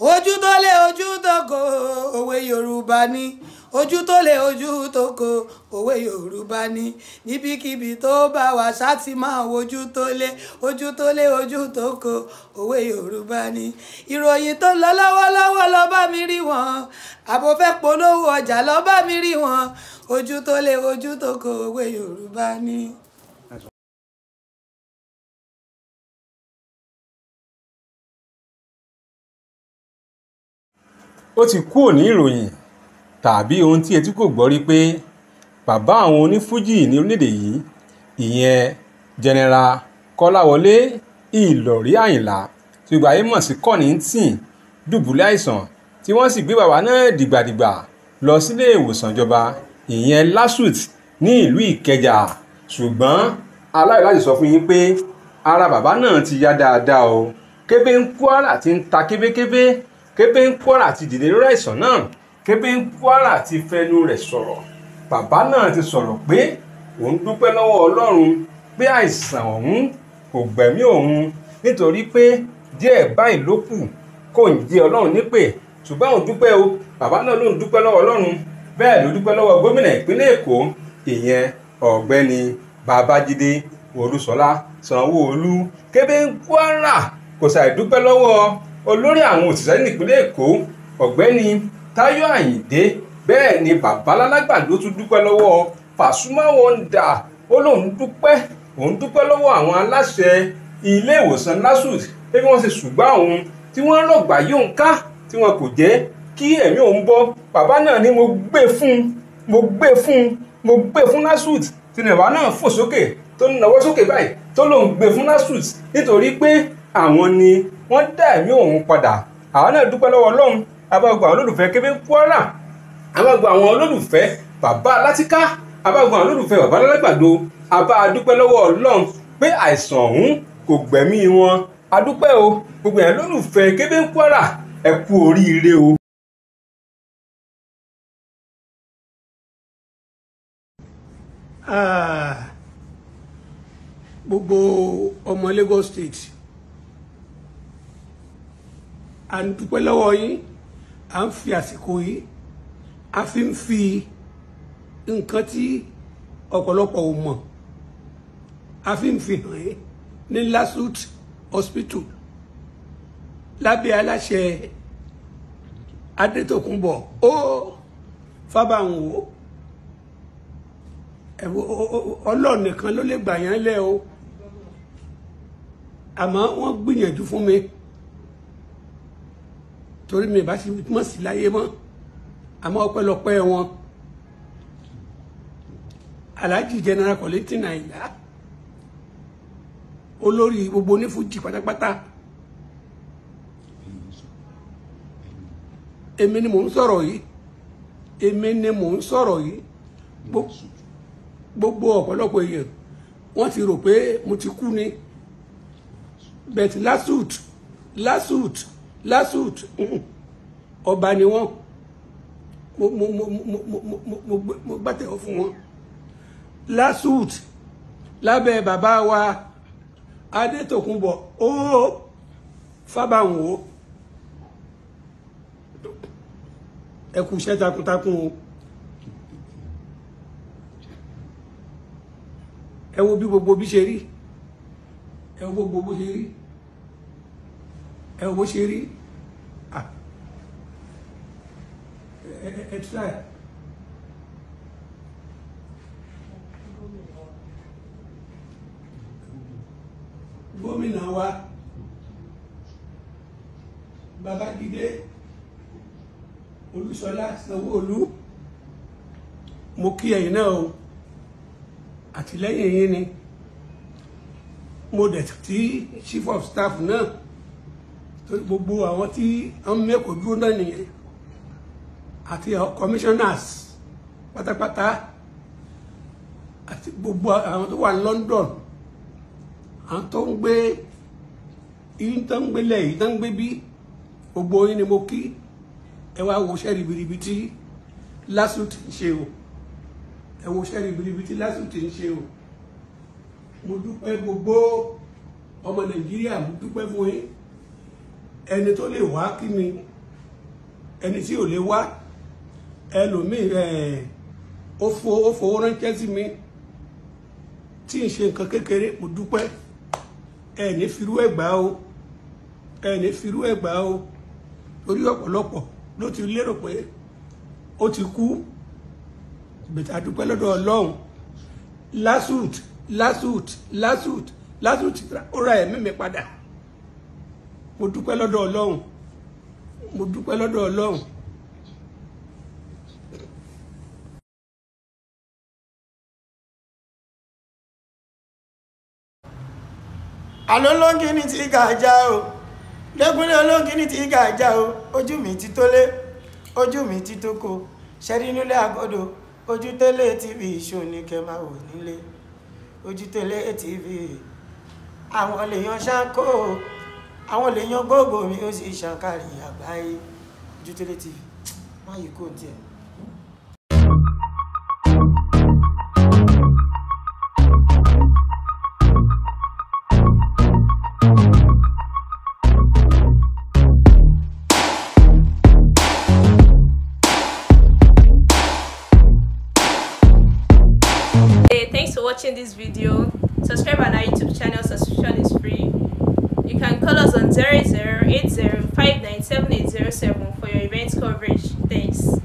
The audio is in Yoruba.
ojú tó lé ojú tó kò òwe yorùbá ni ojú tó lé ojú tó kò òwe yorùbá ni níbikíbi tó bá wà ṣáàtì máa wojú tó lé ojú tó lé ojú tó kò òwe yorùbá ni ìròyìn tó lọ lọ́wọ́lọ́wọ́ lọ bá mi rí wọn àbò fẹ́ polówó ọjà lọ bá mi rí wọn ojú tó lé ojú tó kò òwe yorùbá ni. ó ti kúrò ní ìròyìn tàbí ohun tí etí kò gbọ́ rí pé bàbá àwọn onífújì ní orílẹ̀-èdè yìí ìyẹn jẹnẹra kọ́láwọlé ìlọ̀rí àyìnlá tí gbogbo ayé mọ̀ sí kọ́nìntìn dùbúlẹ̀ àìsàn tí wọ́n sì gbé bàbá náà dìgbàdìgbà lọ sílé ìwòsàn ìjọba ìyẹn lasut ní ìlú ìkẹjà ṣùgbọ́n aláìlá láti sọ fún yín pé ara bàbá náà ti yá dáadáa o kébé ń kwara ti ń ta kébékébé Kébé Nkwara ti dìde lórí àìsàn náà Kébé Nkwara ti fẹnu rẹ̀ sọ̀rọ̀ bàbá náà ti sọ̀rọ̀ pé òun dúpẹ́ lọ́wọ́ Ọlọ́run pé àìsàn ọ̀hún kò gbẹ̀mí òun nítorí pé díẹ̀ báyìí ló kù kò ń jẹ Ọlọ́run nípè ṣùgbọ́n òun dúpẹ́ o bàbá náà ló ń dúpẹ́ lọ́wọ́ Ọlọ́run ló dúpẹ́ lọ́wọ́ gómìnà ìpínlẹ̀ Èkó ìyẹn ọ̀gbẹ́ni Babájídé Olúṣọlá Sanwó-Olú Kébé Nkwara kò ṣàìdúpẹ́ lọ́wọ́ olórí àwọn òṣìṣẹ́ nípínlẹ̀ èkó ọ̀gbẹ́ni táyọ̀ àyìndé bẹ́ẹ̀ ni babalálágbà ló tún dúpẹ́ lọ́wọ́ Pasuma Wonder ó lóun dúpẹ́ òun dúpẹ́ lọ́wọ́ àwọn aláṣẹ ilé ìwòsàn LASUS pé bí wọ́n ṣe ṣùgbọ́n òun tí wọ́n rọ̀gbà yóò ń ká tí wọn kò jẹ́ kí ẹ̀mí òun bọ́ bàbá náà ni mo gbé fún mo gbé fún mo gbé fún LASUS tí nàìjíríà náà fò sókè tó ń nawọ́ sókè báyìí tó lòun gbé fún LASUS nítorí pé àwọn ni wọ́n dá ẹ̀mí òun padà àwa náà dúpẹ́ lọ́wọ́ ọlọ́run abágbà àwọn olólùfẹ́ kébé kwara abágbà àwọn olólùfẹ́ bàbá alátìká abágbà àwọn olólùfẹ́ bàbá alágbàdo abá adúpẹ́ lọ́wọ́ ọlọ́run pé àìsàn ọ̀hún kò gbẹ̀mí wọn adúpẹ́ o gbogbo ẹ̀ lólùfẹ́ kébé kwara ẹ kú oríire o. Ah, gbogbo ọmọ Lagos State à ń dúpẹ́ lọ́wọ́ yín à ń fi àsìkò yìí a fi ń fi nǹkan tí ọ̀pọ̀lọpọ̀ ò mọ̀ a fi ń fi hàn yín ní Lasut hospital lábẹ́ aláṣẹ Adétòkunbọ̀ ó fábàǹwò Ọlọ́run nìkan ló lè gbà yán lẹ́ o àmọ́ wọ́n gbìyànjú fún mi torí mi ìbá ti mọ̀ sí láyé mọ́ àmọ́ ọpẹ́lọpẹ́ wọn alhaji general collecting àìlá olórí gbogbo onífújì pátápátá èmi ni mò ń sọ̀rọ̀ yìí èmi ni mò ń sọ̀rọ̀ yìí gbogbo ọ̀pọ̀lọpọ̀ èèyàn wọ́n ti rò pé mo ti kú ni bẹ̀tì lásùt lásùt lasuth mm-hmm. ọba ni wọ́n mo mo mo mo mo mo mo gbàtẹ́wọ́ fún wọn lasuth lábẹ́ bàbá wa adétòkùnbọ̀ ó fábàwọn o ẹ kú iṣẹ́ takuntakun o ẹ wo bí gbogbo bí ṣe rí ẹ wo gbogbo bó ṣe rí ẹ wo ṣe rí ẹ try. gómìnà wa Babájídé Olúṣọlá Sanwó-Olú mo kí ẹ̀yin náà o àtìlẹ́yìn yín ni mo dẹ̀ tí chief of staff náà torí gbogbo àwọn tí wọ́n mẹ́kọ̀ọ́ dúró náà nìyẹn àti àwọn commissioners pátápátá àti gbogbo àwọn tó wà ní London àwọn tó ń gbé yìí tó ń gbélé yìí tó ń gbé bí gbogbo yín ni mo kí ẹ wá wọṣẹ́ ribiribi tí LASU ti ń ṣe o ẹ wọṣẹ́ ribiribi tí LASU ti ń ṣe o mo dúpẹ́ gbogbo ọmọ Nàìjíríà mo dúpẹ́ fún yín ẹni tó lè wá kí mi ẹni tí ò lè wá ẹlòmíì ó fowó ránṣẹ́ sí mi tí ń ṣe nǹkan kékeré mo dúpẹ́ ẹni firú ẹ̀gbá o ẹni firú ẹ̀gbá o torí ọ̀pọ̀lọpọ̀ ló ti lérò pé ó ti kú bẹ̀tà dúpẹ́ lọ́dọ̀ ọlọ́run lásùt lásùt lásùt lásùt ó ra ẹ̀mí mi padà mo dúpẹ́ lọ́dọ̀ ọlọ́run mo dúpẹ́ lọ́dọ̀ ọlọ́run. àlọ́ lọ́ngì ní ti gàjà o lẹ́kúnlé olóngì ní ti gàjà o ojú mi ti tólé ojú mi ti tóko ṣẹ́rí nílé àgọ́dọ̀ ojú télé tv ìṣòní kẹ́ máa wò nílé ojú télé tv àwọn lèèyàn ṣáńkó àwọn lè yan gbogbo mi ó sì ṣàǹkàrí àgbáyé Ojútélé TV má yìí kò tiẹ̀. Hey, thanks for watching this video. Subscribe on our YouTube channel, subscription is free. Call us on 0080 597 807 for your event coverage. Thanks.